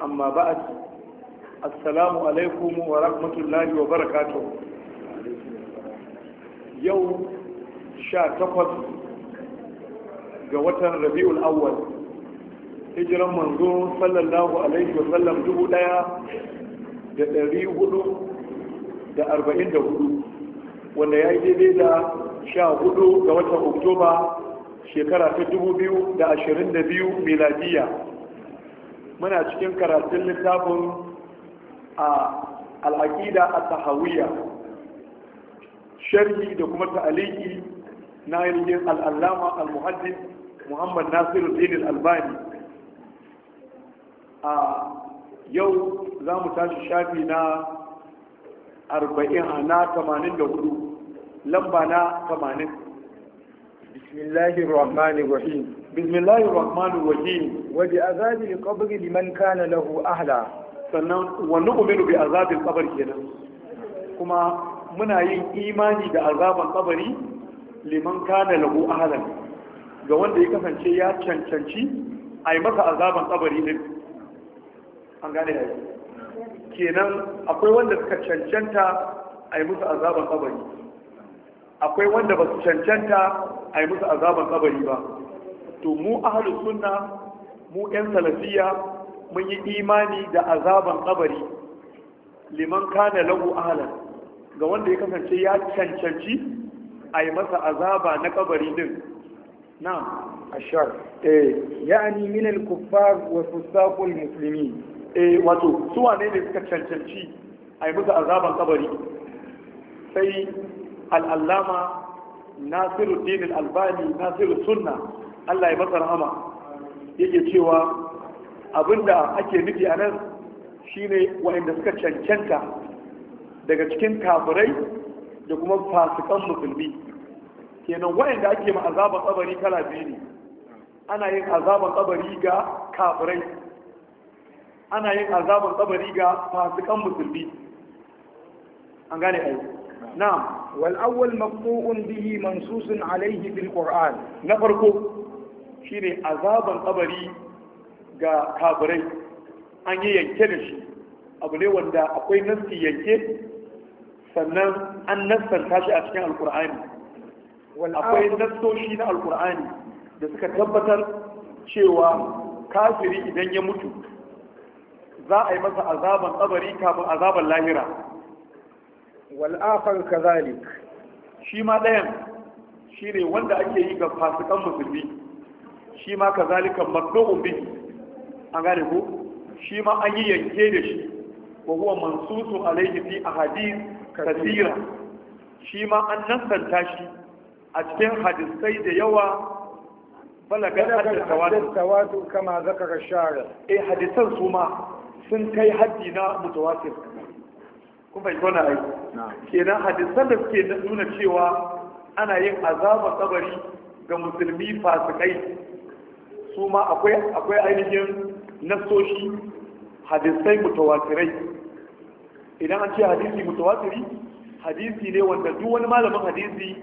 amma ba'ad assalamu alaikum wa rahmatullahi wa barakatuh yau sha takwas ga watan rabi'ul awwal hijiran manzo sallallahu alaihi wa sallam dubu daya da ɗari hudu da arba'in da hudu wanda ya yi daidai da sha hudu ga watan oktoba shekara ta dubu biyu da ashirin da biyu muna cikin karatun littafin a al'aƙida a tahawiyya sharhi da kuma ta'aliki na yankin al'allama al-muhaddis muhammad nasiru dinin albani a yau za mu tashi shafi na 40 na 84 lamba na 80 بسم الله الرحمن الرحيم بسم الله الرحمن الرحيم وبعذاب القبر لمن كان له أهلا sannan wa nu'minu bi azabil qabr kenan kuma muna yin imani da azaban kabari liman kana lahu ahlan ga wanda ya kasance ya cancanci a masa azaban kabari din kenan akwai wanda suka cancanta ai yi azaban kabari akwai wanda ba su cancanta a yi musu azaban kabari ba to mu ahalu sunna mu yan salafiya mun yi imani da azaban kabari liman kana lagu ahalar ga wanda ya kasance ya cancanci a yi masa azaba na kabari din na ashar eh yani min al-kuffar wa fusaq musulmi. muslimin eh wato su wane ne suka cancanci a yi musu azaban kabari sai al'allama nasiru dinin albani nasiru sunna allah ya matsar rahama yake cewa abinda ake nufi a nan shine wa'inda suka cancanta daga cikin kafirai da kuma fasikan musulmi kenan wa'inda ake ma azaban tsabari kala biyu ne ana yin azaban tsabari ga kafirai ana yin azaban tsabari ga fasikan musulmi an gane ayi نعم والأول مقطوع به منصوص عليه بالقرآن نفرقه شيني azaban القبري ga kafirai an yi yanke da shi abu ne wanda akwai nassi yanke sannan an nassanta shi a cikin alkur'ani akwai nassoshi na alkur'ani da suka tabbatar cewa kafiri idan ya mutu za a yi masa azaban tsabari kafin azaban lahira wal'afar kazalik shi ma ɗayan shi ne wanda ake yi ga fasikan musulmi shi ma kazalika magdohun bi an gane ko shi ma an yi yanke da shi wa huwa mansusun alaihi fi ahadith kasira shi ma an nasanta shi a cikin hadisai da yawa balagar tawatu kama zakara eh hadisan su ma sun kai haddi na mutawatir Kuma bai kona ai kenan hadisan da suke nuna cewa ana yin azaba kabari ga musulmi fasikai su ma akwai akwai ainihin nasoshi hadisai mutawatirai idan an ce hadisi mutawatiri hadisi ne wanda duk wani malamin hadisi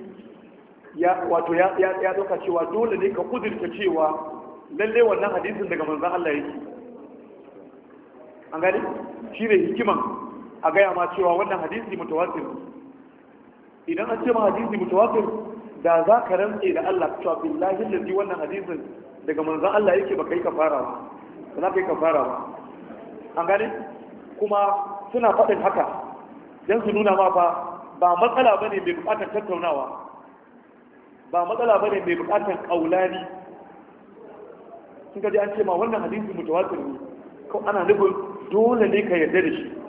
ya wato ya ya doka cewa dole ne ka kudurta cewa lalle wannan hadisin daga manzon Allah yake an gani shi ne hikiman a gaya ma cewa wannan hadisi mutawatir idan an ce ma hadisi mutawatir da za ka rantse da Allah cewa billahi lalzi wannan hadisin daga manzon Allah yake baka yi kafara ba ba za ka yi kafara ba an gane kuma suna faɗin haka don su nuna ma fa ba matsala ba ne mai buƙatar tattaunawa ba matsala ba ne mai buƙatar ƙaulani sun gaji an ce ma wannan hadisi mutawatir ne ko ana nufin dole ne ka yarda da shi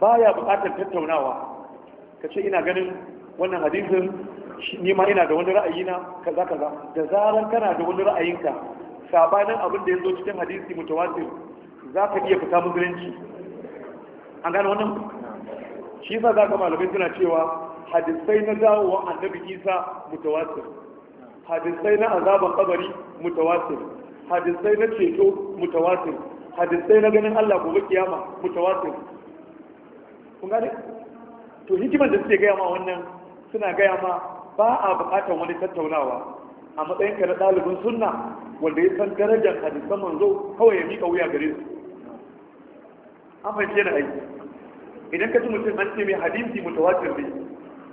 Ba ya buƙatar tattaunawa ka ce ina ganin wannan hadisin ni ma ina da wani ra'ayi na kaza kaza da zaran kana da wani ra'ayinka sabanin abin da ya zo cikin hadisi mutawatir za ka iya fita musulunci an gane wannan shi yasa za ka malamai suna cewa hadisai na dawowa annabi isa mutawatir hadisai na azaban kabari mutawatir hadisai na ceto mutawatir hadisai na ganin allah gobe kiyama mutawatir kun gane to hikimar da suke gaya ma wannan suna gaya ma ba a bukatar wani tattaunawa a matsayin ka na ɗalibin sunna wanda ya san darajar hadisan manzo kawai ya miƙa wuya gare su an fahimci yana aiki idan ka ji mutum an ce mai hadisi mutawatir ne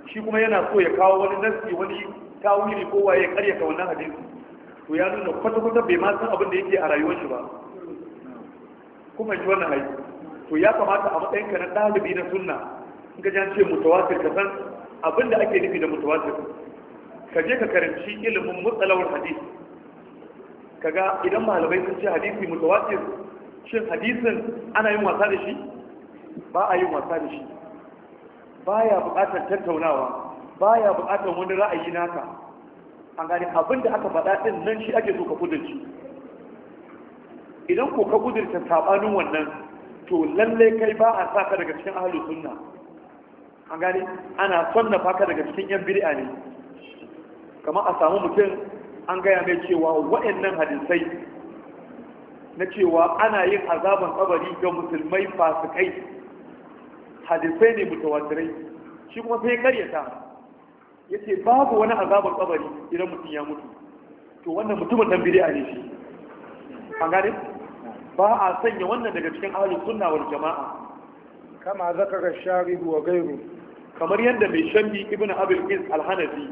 shi kuma yana so ya kawo wani nasi wani tawili ko waye ya karyata wannan hadisi to ya nuna kwata-kwata bai ma san abin da yake a rayuwar shi ba kuma ji wannan aiki to ya kamata a matsayinka na ɗalibi na sunna in ka jance mutawatir ka san abinda ake nufi da mutawatir ka je ka karanci ilimin mutsalawar hadisi kaga idan malamai sun ce hadisi mutawatir shin hadisin ana yin wasa da shi ba a yin wasa da shi baya buƙatar tattaunawa baya buƙatar wani ra'ayi naka an gani da aka faɗa din nan shi ake so ka kudurci idan ko ka kudurta sabanin wannan to lalle kai ba a saka daga cikin ahlus sunna an gani ana na faka daga cikin yan bid'a ne kamar a samu mutum an gaya mai cewa waɗannan hadisai na cewa ana yin azaban kabari ga musulmai fasikai hadisai ne mutawatirai shi kuma sai karyata yace babu wani azaban kabari idan mutum ya mutu to wannan mutumin dan bid'a ne shi an gane ba a sanya wannan daga cikin ahlus sunna wal jama'a kama zakara sharih wa ghayru kamar yadda mai shambi ibnu abul is al-hanafi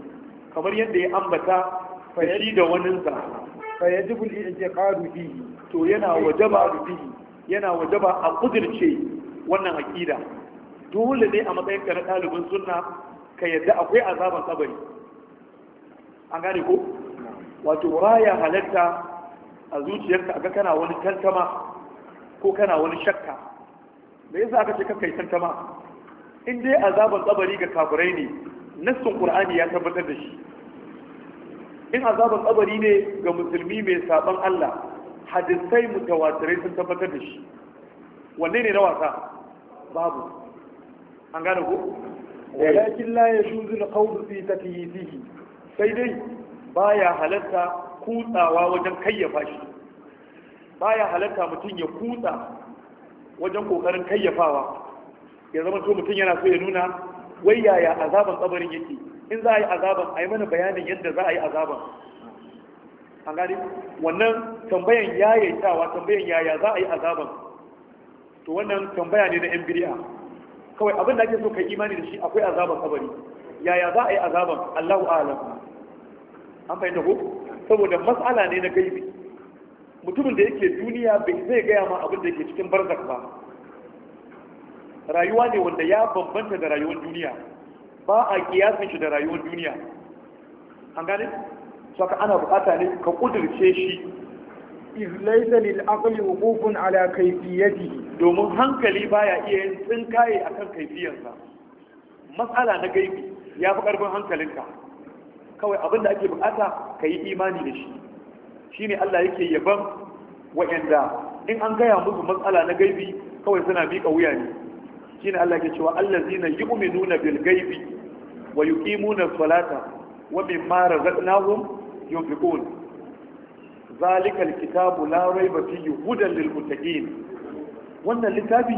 kamar yadda ya ambata fa shi da wani sa fa yajibu al-i'tiqadu fihi to yana wajaba fihi yana wajaba a kudirce wannan aqida dole ne a matsayin ka na ɗalibin sunna ka yadda akwai azaban kabari an gane ko wato raya halatta a zuciyarka a ga kana wani tantama ko kana wani shakka me yasa aka ce kakka yi tantama in dai azaban tsabari ga kafirai ne nassin qur'ani ya tabbatar da shi in azaban tsabari ne ga musulmi mai saban Allah hadisai mutawatirai sun tabbatar da shi wanne ne na wasa babu an gane ko eh. walakin la yajuzu al-qawlu fi takyifihi sai dai baya halatta kutsawa wajen kayyafa shi Ba ya halatta mutum ya kutsa wajen kokarin kayyafawa ya zama to mutum yana so ya nuna wai yaya azaban tsabarin yake in za a yi azaban a yi mana bayanin yadda za a yi azaban an gani wannan tambayan tawa, tambayan yaya za a yi azaban to wannan tambaya ne na yan biriya kawai abin da ake so kai imani da shi akwai azaban tsabari yaya za a yi azaban Allahu a'lam an fahimta ko saboda matsala ne na gaibi mutumin da yake duniya bai zai gaya ma abin da yake cikin barzak ba rayuwa ne wanda ya bambanta da rayuwar duniya ba a kiyasin shi da rayuwar duniya an gane Saka ana bukata ne ka kudurce shi izlaisa lil aqli wuqufun ala kayfiyati domin hankali baya iya yin tsinkaye akan kayfiyarsa matsala na gaibi ya fi karfin hankalinka kawai abin da ake bukata ka yi imani da shi shi ne Allah yake yaban wa'yanda in an gaya musu matsala na gaibi kawai suna miƙa wuya ne shi ne Allah ke cewa Allah zina yi uminu na bil gaibi wa yi ƙimu salata wa mara zaɗinahun yin fiƙon zalikal kitabu la raiba fihi hudan lil muttaqin wannan littafi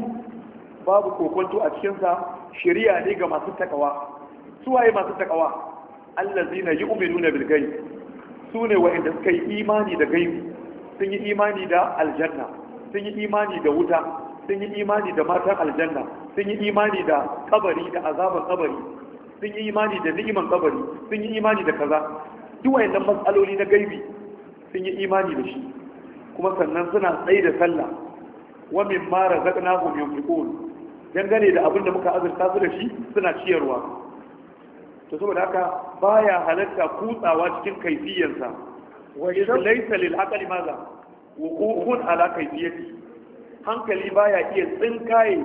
babu kokonto a cikinsa shari'a ne ga masu takawa suwaye masu takawa allazina yu'minuna bil ghaib sune wa'anda suka yi imani da gaibi sun yi imani da aljanna sun yi imani da wuta sun yi imani da matan aljanna sun yi imani da kabari da azaban kabari sun yi imani da ni'iman kabari sun yi imani da kaza duk wayannan matsaloli na gaibi sun yi imani da shi kuma sannan suna tsaye da sallah wa mimma razaqnahum yunfiqun dangane da abin da muka azurta su da shi suna ciyarwa to saboda haka baya halatta kutsawa cikin kaifiyarsa wa idan laysa maza wuqufun ala kaifiyati hankali baya iya tsinkaye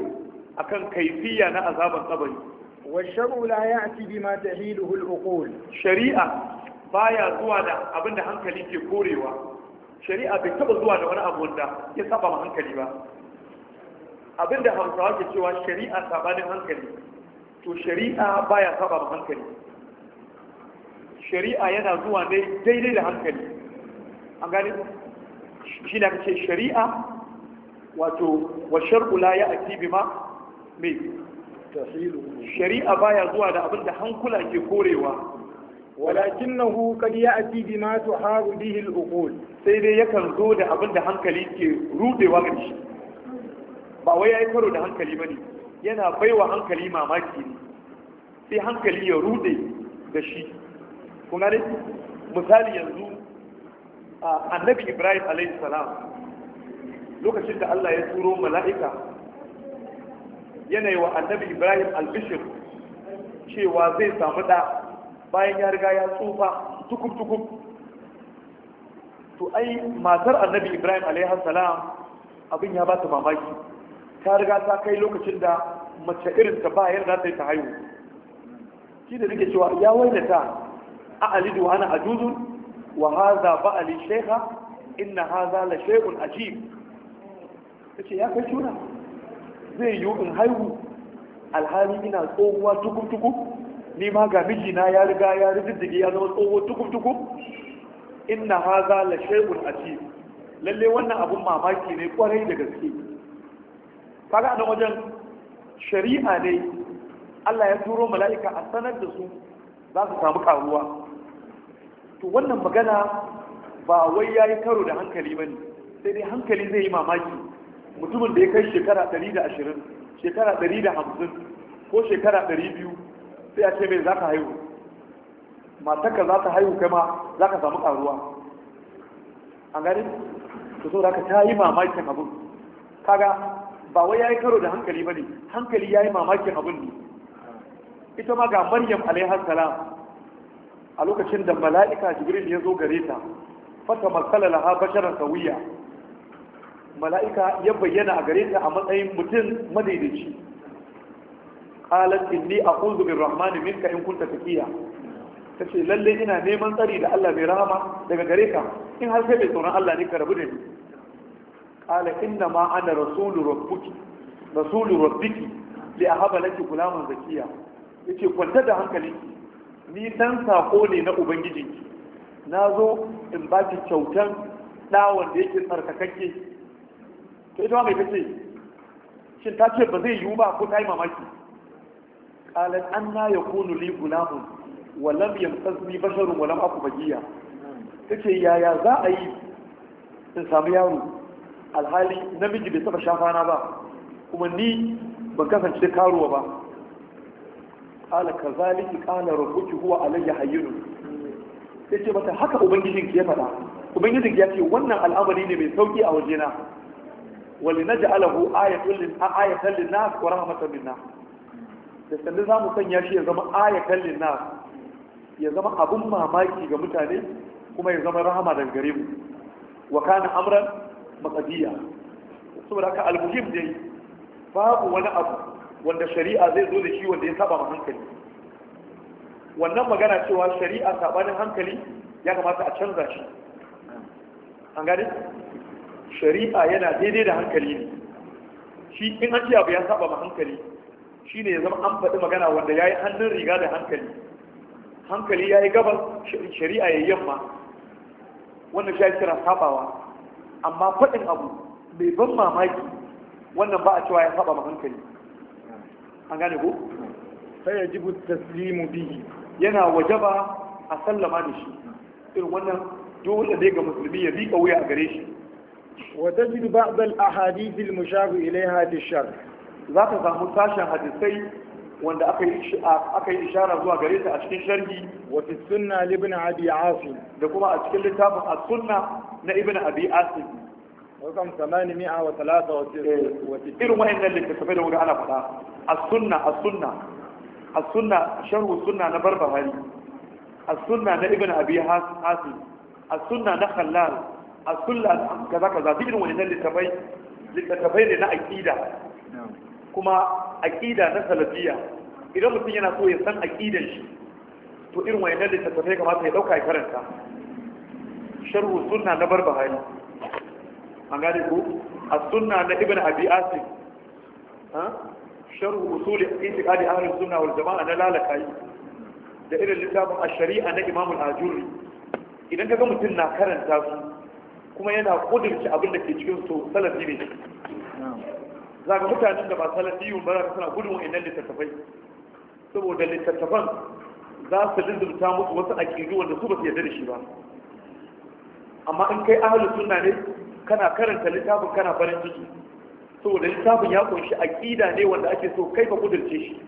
a kan kaifiya na azaban kabari wa shar'u la ya'ti bima tahiluhu al uqul shari'a baya zuwa da abinda hankali ke korewa shari'a bai taba zuwa da wani abu wanda ya saba ma hankali ba abinda Hausawa ke cewa shari'a sabanin hankali to shari'a baya saba da hankali shari'a yana zuwa ne daidai da hankali an gani? shi na kace shari'a wato wa shar'u la ya'ti bima me tahilu shari'a baya zuwa da abinda hankula ke korewa walakinahu qad ya'ti bima tuharu bihi al-uqul sai dai yakan zo da abinda hankali ke rudewa ga shi ba wai yi karo da hankali bane yana baiwa hankali mamaki ne sai hankali ya rude da shi kuma ne misali yanzu annabi ibrahim alaihi salam lokacin da allah ya turo mala'ika yanayi wa annabi ibrahim albishir cewa zai samu da bayan ya riga ya tsufa tukum-tukum to ai matar annabi ibrahim alaihi salam abin ya ba ta mamaki ta riga ta kai lokacin da mace irin ta ba yadda ta yi ta haihu shi da nake cewa ya ta a alidu ana ajuzun wa haza ba ali sheha inna haza la shay'un ajib ce ya kai shuna zai yi in haihu alhali ina tsohuwa tukutuku, ni ma ga mijina ya riga ya riddige ya zama tsohuwa tukutuku. inna haza la shehun ajib lalle wannan abun mamaki ne kwarai da gaske kaga a wajen shari'a ne Allah ya turo mala'ika a sanar da su za su samu karuwa to wannan magana ba wai ya yi karo da hankali ba ne sai dai hankali zai yi mamaki mutumin da ya kai shekara 120 shekara 150 ko shekara 200 sai a ce mai za ka haihu mataka za ta haihu kai ma za ka samu karuwa A gani to so da ka ta yi mamakin abin kaga ba wai yayi karo da hankali ne, hankali yayi mamakin abin ne ita ma ga maryam alaiha salam a lokacin da mala'ika jibril ya zo gare ta fata matsala laha basharan sawiya mala'ika ya bayyana a gare ta a matsayin mutum madaidaici qalat inni a'udhu birrahmani minka in kunta taqiya tace lalle ina neman tsari da Allah mai rahama daga gare ka in har sai mai tsoron Allah ne ka rabu da ni qala inna ma ana rasulu rabbuki rasulu rabbiki li ahaba laki gulaman zakiya yace kwanta da hankali ni dan sako ne na ubangijinki na zo in ki kyautan da wanda yake tsarkakakke to ita mai ce shin ta ce ba zai yiwu ba ko ta yi mamaki qalat anna yakunu li gulamun walam lam yamtasni basharun walam aku bagiya tace yaya za a yi in samu yaro alhali namiji bai saba shafana ba kuma ni ban kasance karuwa ba ala kazaliki kana rabbuki huwa alayya hayyun sai ce mata haka ubangijin ki ya faɗa ubangijin ya ce wannan al'amari ne mai sauki a wajena na naj'alahu ayatan lin ayatan lin nas wa rahmatan lin nas da sanda zamu sanya shi ya zama ayatan lin nas ya zama abun mamaki ga mutane kuma ya zama rahama daga gare mu wa kana amran matsadiya saboda haka almuhim dai babu wani abu wanda shari'a zai zo da shi wanda ya saba hankali wannan magana cewa shari'a sabanin hankali ya kamata a canza shi an gane shari'a yana daidai da hankali ne shi in an abu ya saba ma hankali shi ne ya zama an faɗi magana wanda ya yi hannun riga da hankali hankali ya yi gabas shari'a ya yamma wannan shi ya kira sabawa amma faɗin abu mai ban mamaki wannan ba a cewa ya saba hankali an gane ko sai ya jibu taslimu bihi yana wajaba a sallama da shi irin wannan dole ne ga musulmi ya miƙa wuya a gare shi Wata tajidu ba'd a ahadith al mushar ilayha za ka samu sashen hadisai wanda aka yi ishara zuwa gare ta a cikin sharhi wa sunna li ibn abi asim da kuma a cikin littafin as-sunna na ibn abi asim wakam 863 eh, irin wayannan littattafai da wuri ana faɗa as-sunna as-sunna as-sunna sharhu sunna na barbahari as-sunna na ibn abi asim as-sunna na khallal as-sunna kaza kaza irin wayannan littattafai littafai ne na aqida kuma aƙida na salafiya idan mutum yana so ya san aƙidan shi to irin wayannan littattafai kamata ya ɗauka ya karanta sharhu sunna na barbahari an gane ko a sunna na ibn abi asim sharhu usuli itiqadi ahli sunna wal jama'a na lalakai da irin littafin ash-shari'a na imam al-ajuri idan kaga mutum na karanta su kuma yana kudurci abin da ke cikin su salafi ne za ga mutanen da ba salafiyun ba za ka suna gudun wa'annan littattafai saboda littattafan za su lindurta musu wasu aƙidu wanda su ba su yarda da shi ba amma in kai ahalus suna ne kana karanta littafin kana farin ciki saboda littafin ya kunshi aƙida ne wanda ake so kai ka kudurce shi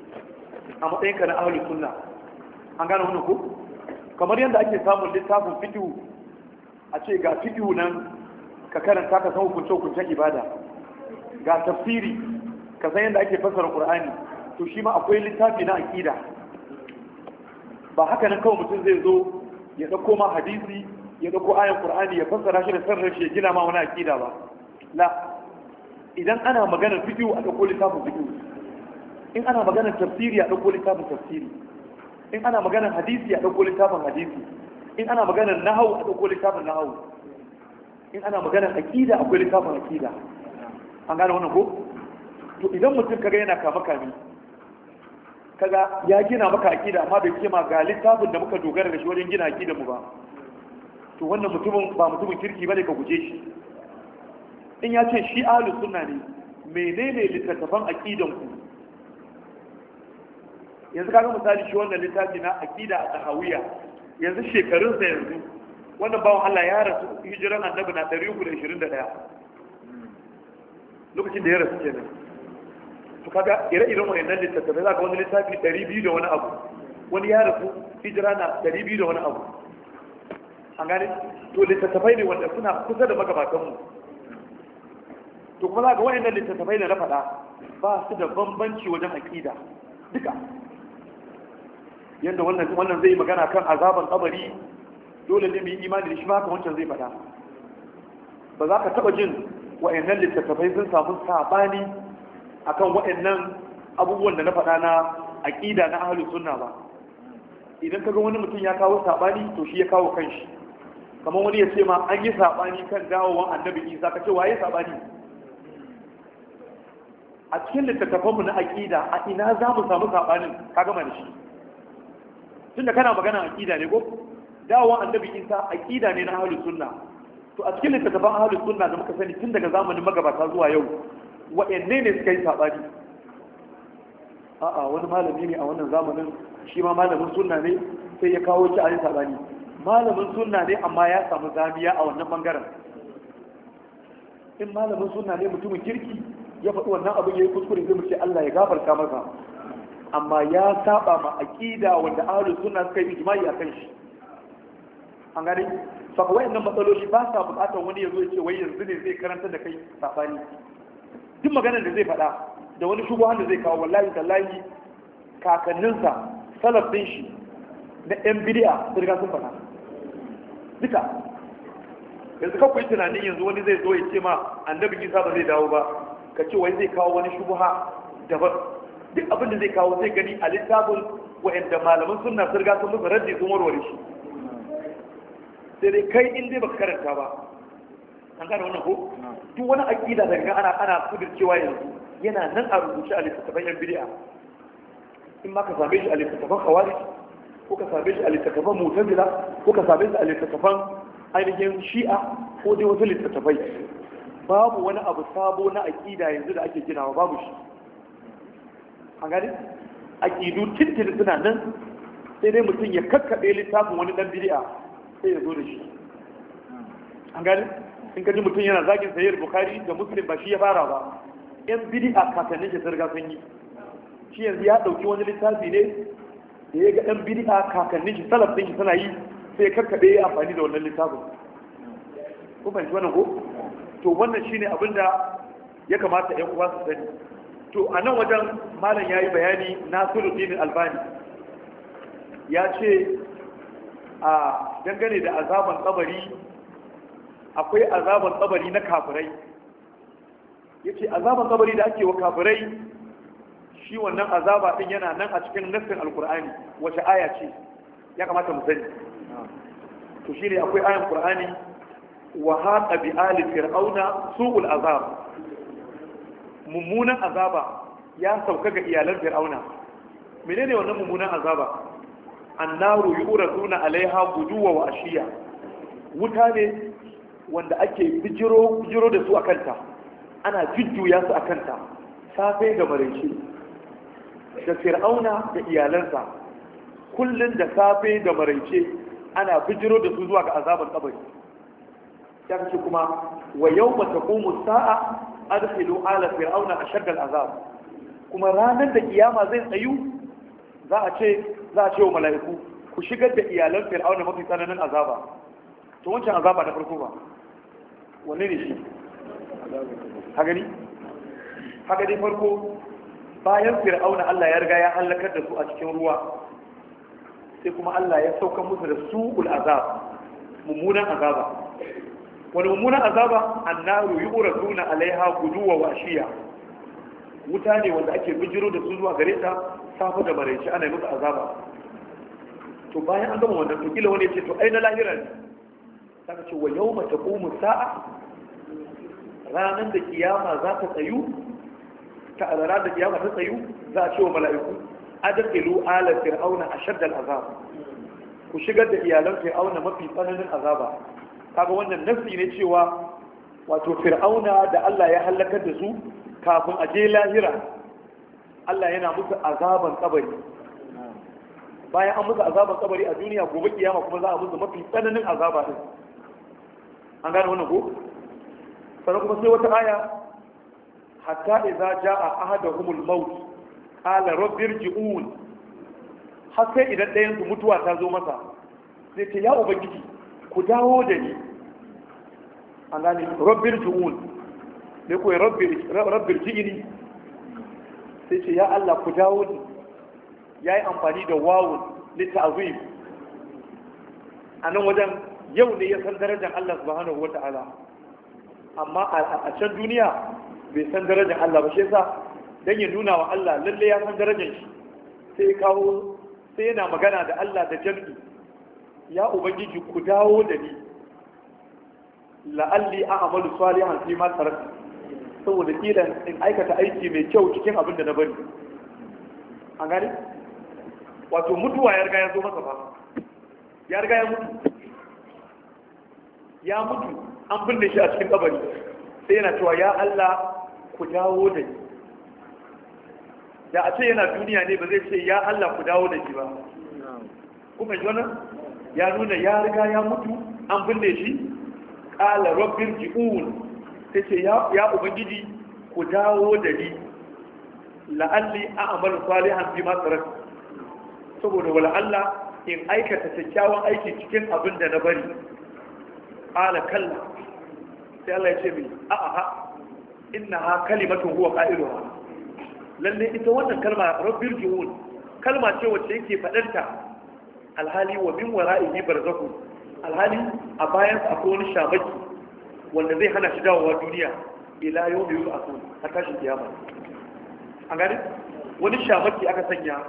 a matsayin kana na ahalus an gane wani ko kamar yadda ake samun littafin fiqh a ce ga fiqh nan ka karanta ka san hukunce hukuncen ibada ga tafsiri ka san yadda ake fassara qur'ani to shi ma akwai littafi na aqida ba haka nan kawai mutum zai zo ya dauko ma hadisi ya dauko ayan qur'ani ya fassara shi da san rashi ya gina ma wani aqida ba la idan ana magana fiqh a dauko littafin fiqh in ana magana tafsiri a dauko littafin tafsiri in ana magana hadisi a dauko littafin hadisi in ana magana nahawu a dauko littafin nahawu in ana magana aqida akwai littafin aqida an gane wannan ko to idan mutum kaga yana kama kami kaga ya gina maka akida amma bai ce ma ga littafin da muka dogara da shi wajen gina akida mu ba to wannan mutumin ba mutumin kirki bane ka guje shi in ya ce shi ahlu sunna ne menene littattafan akidan ku yanzu kaga misali shi wannan littafi na akida a tahawiya yanzu shekarun sa yanzu wannan bawan Allah ya rasu hijiran annabi na 321 lokacin da ya rasu kenan to kaga ire-iren nan littattafai za ka wani littafi 200 da wani abu wani ya rasu hijira na 200 da wani abu an gane to littattafai ne wanda suna kusa da magabatanmu to kuma za ga nan littattafai da na faɗa ba su da bambanci wajen aƙida duka yadda wannan zai magana kan azaban kabari dole ne mu yi imani da shi ma ka wancan zai faɗa ba za ka taɓa jin wa'annan littattafai sun samu sabani akan wa'annan abubuwan da na faɗa na aƙida na ahlus sunna ba idan ga wani mutum ya kawo sabani to shi ya kawo kanshi kamar wani ya ce ma an yi sabani kan dawowar annabi Isa wa waye sabani a cikin littattafanmu na aƙida a ina za mu samu sabanin ka gama da shi tunda kana magana aƙida ne ko dawowar annabi Isa aƙida ne na ahlus sunna to a cikin littattafan ahalus sunna da muka sani tun daga zamanin magabata zuwa yau waɗanne ne suka yi saɓani a'a wani malami ne a wannan zamanin shi ma malamin sunna ne sai ya kawo shi a yi saɓani malamin sunna ne amma ya samu zamiya a wannan bangaren in malamin sunna ne mutumin kirki ya faɗi wannan abin ya yi kuskure zai mu ce Allah ya gafarta masa amma ya saba ma aqida wanda ahlus sunna suka yi ijma'i akan shi an gani saka wayannan matsaloli ba sa bukatar wani ya zo ya ce wai yanzu ne zai karanta da kai sabani duk maganar da zai faɗa da wani shugo da zai kawo wallahi tallahi kakanninsa salaf din shi na yan bidiya sun riga sun faɗa duka yanzu ka kuyi tunanin yanzu wani zai zo ya ce ma annabi isa ba zai dawo ba ka ce wai zai kawo wani shubuha daban duk abin da zai kawo zai gani a littafin wa'anda malaman sunna sun riga sun musu raddi sun warware shi sai dai kai in dai baka karanta ba an gane wannan ko duk wani aqida da ga ana ana kudircewa yanzu yana nan a rubuce a littattafan yan bid'a in ma ka same shi a littattafan khawarij ko ka same shi a littattafan mu'tazila ko ka same shi a littattafan ainihin shi'a ko dai wasu littattafai babu wani abu sabo na aqida yanzu da ake ginawa babu shi an gane aqidu tintin suna nan sai dai mutum ya kakkabe littafin wani dan bid'a sai ya zo da shi an gani in mutum yana zagin sayar bukari da muslim ba shi ya fara ba yan bidi a kakannin shi zarga sun yi shi yanzu ya ɗauki wani littafi ne da ya ga 'yan bidi a kakannin shi salaf sun shi suna yi sai karkaɗe ya amfani da wannan littafin ko fahimci wannan ko to wannan shine abin da ya kamata 'yan uwa su sani to a nan wajen malam ya yi bayani na suluddin albani ya ce a dangane da azaban kabari akwai azaban kabari na kafirai yace azaban kabari da ake wa kafirai shi wannan azaba din yana nan a cikin nassin alqur'ani wace aya ce ya kamata mu sani to shi ne akwai ayan qur'ani wa haqa bi ali fir'auna su'ul azab mummunan azaba ya sauka ga iyalan fir'auna menene wannan mummunan azaba annaru yuraduna alaiha guduwa wa ashiya wuta ne wanda ake bijiro bijiro da su a kanta ana jujjuya su a kanta safe da maraice da fir'auna da iyalansa kullum da safe da maraice ana bijiro da su zuwa ga azabar kabari ya kace kuma wa yawma taqumu sa'a adkhilu ala fir'auna ashadda azab? kuma ranar da kiyama zai tsayu za a ce za a ce wa mala'iku ku shigar da iyalan fir'auna mafi tsananin azaba to wancan azaba na farko ba wanne ne shi hagani hagani farko bayan fir'auna Allah ya riga ya halakar da su a cikin ruwa sai kuma Allah ya sauka musu da su'ul azab mummunan azaba wani mummunan azaba annaru yi yu'raduna alaiha guduwa wa shiya wuta ne wanda ake bijiro da su zuwa gare ta safa da maraice ana yi musu azaba to bayan an gama wannan to kila wani ya ce to ai na lahira ne saka ce wa yau mata komu sa'a ranar da kiyama za ta tsayu ta azara da kiyama ta tsayu za a ce wa mala'iku adqilu ala fir'auna a ashadd azaba. ku shigar da iyalan fir'auna mafi tsananin azaba kaga wannan nafsi ne cewa wato fir'auna da Allah ya halakar da su kafin a je lahira Allah yana musu azaban kabari bayan an musu azaban kabari a duniya gobe kiyama kuma za a musu mafi tsananin azaba din an gane wannan ko sannan kuma sai wata aya hatta idza jaa ahaduhumul maut qala rabbirji'un har sai idan ɗayan su mutuwa ta zo masa sai ce ya ubangiji ku dawo da ni an gane rabbirji'un sai koyi rabbir jigini sai ce ya Allah ku dawo ni ya yi amfani da wawon littazim a nan wajen yau ne ya san darajar Allah su subhanahu wata ala, amma a can duniya bai san darajar Allah ba shi sa don ya nuna wa Allah lalle ya san darajar shi sai kawo sai yana magana da Allah da jam'i. ya ubangiji ku dawo da ni la'alli a'malu salihan fi ma taraktu saboda kila in aikata aiki mai kyau cikin abin da na bari an gani wato mutuwa ya riga ya zo masa ba ya riga ya mutu ya mutu an binne shi a cikin kabari sai yana cewa ya Allah ku dawo da ni da a ce yana duniya ne ba zai ce ya Allah ku dawo da shi ba kuma jona ya nuna ya riga ya mutu an binne shi qala rabbir ji'un sai ce ya ubangiji ku dawo da ni la'alli a'malu salihan bi ma tarak saboda wala Allah in aikata kyakkyawan aiki cikin abin da na bari ala kalla sai Allah ya ce min a'a innaha kalimatun huwa qailuha lalle ita wannan kalma rabbil juhud kalma ce wacce yake fadanta alhali wa min wara'ihi barzakhun alhali a bayan akwai wani shabaki wanda zai hana shi dawowa duniya ila yau da yau a sun a tashin kiyama A gani wani shamaki aka sanya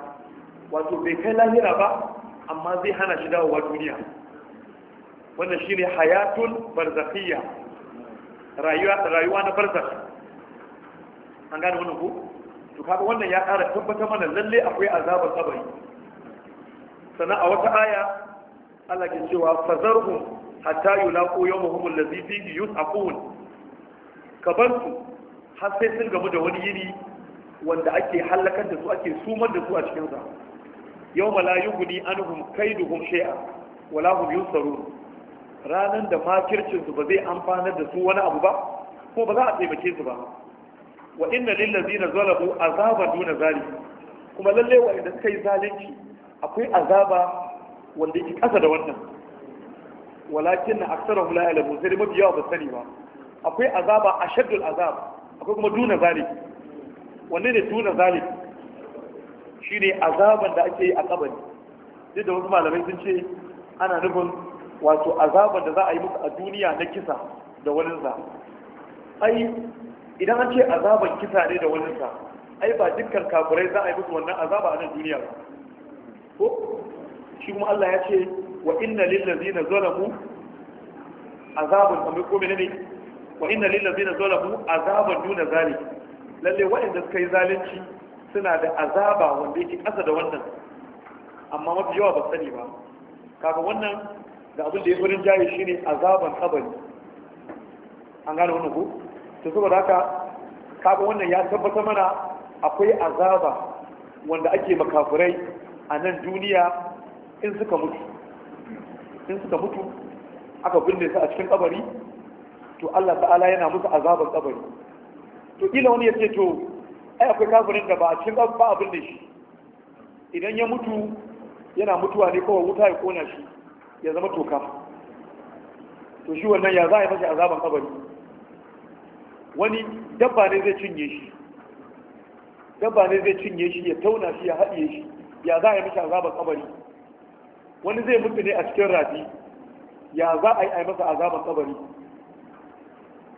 wato bai kai lahira ba amma zai hana shi dawowa duniya wannan shi ne hayatun barzakiya rayuwa na barzakh an gane wannan ko to kaga wannan ya ƙara tabbatar mana lalle akwai azabar kabari sannan a wata aya Allah ke cewa fazarhum hatta yulaqu yawmahum allazi fihi yus'afun kabansu har sai sun gamu da wani yini wanda ake halakar da su ake sumar da su a cikin sa yawma la yughni anhum kaiduhum shay'a wala hum yunsarun ranan da makircin su ba zai amfanar da su wani abu ba ko ba za a taimake su ba wa inna lil ladina zalabu azaban duna zalim kuma lalle wa inda suka yi zalunci akwai azaba wanda yake kasa da wannan walakin na aksara hula ya lamu sai mafi yawa ba sani ba akwai azaba a shaddul azab akwai kuma duna zalik wanne ne duna Shi ne azaban da ake yi a kabari duk da wasu malamai sun ce ana nufin wato azaban da za a yi musu a duniya na kisa da waninsa ai idan an ce azaban kisa ne da waninsa ai ba dukkan kafirai za a yi musu wannan azaba a nan duniya ba ko shi kuma Allah ya ce wa inna lillazina zalamu azabun kamar ko menene wa inna lillazina zalamu azabun duna zalik lalle waɗanda suka yi zalunci suna da azaba wanda yake ƙasa da wannan amma mafi yawa ba sani ba kaga wannan da abin da ya furin jaye shine azaban kabari an gane wannan ko to saboda haka kaga wannan ya tabbata mana akwai azaba wanda ake makafurai a nan duniya in suka mutu in suka mutu aka binne su a cikin kabari to Allah ta'ala yana musu azaban kabari to kila wani ya ce to ai akwai kafirin da ba a cikin ba a binne shi idan ya mutu yana mutuwa ne kawai wuta ya kona shi ya zama toka to shi wannan ya za a yi mashi azaban kabari wani dabba ne zai cinye shi dabba ne zai cinye shi ya tauna shi ya haɗiye shi ya za a yi mashi azaban kabari wani zai mutu ne a cikin rafi ya za a yi a masa azaban kabari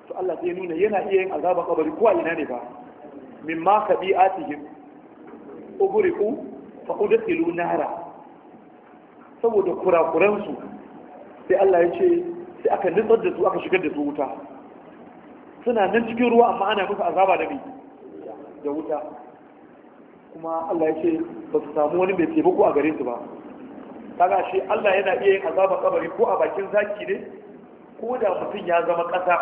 to Allah sai nuna yana iya yin azaban kabari ko a ina ne ba min ma kabi'atihim ughriqu fa udkhilu nara saboda kurakuransu sai Allah ya ce sai aka nutsar da su aka shigar da su wuta suna nan cikin ruwa amma ana musu azaba da mai da wuta kuma Allah ya ce ba su samu wani mai taimako a gare su ba kaga shi Allah yana iya yin azaba kabari ko a bakin zaki ne ko da mutum ya zama ƙasa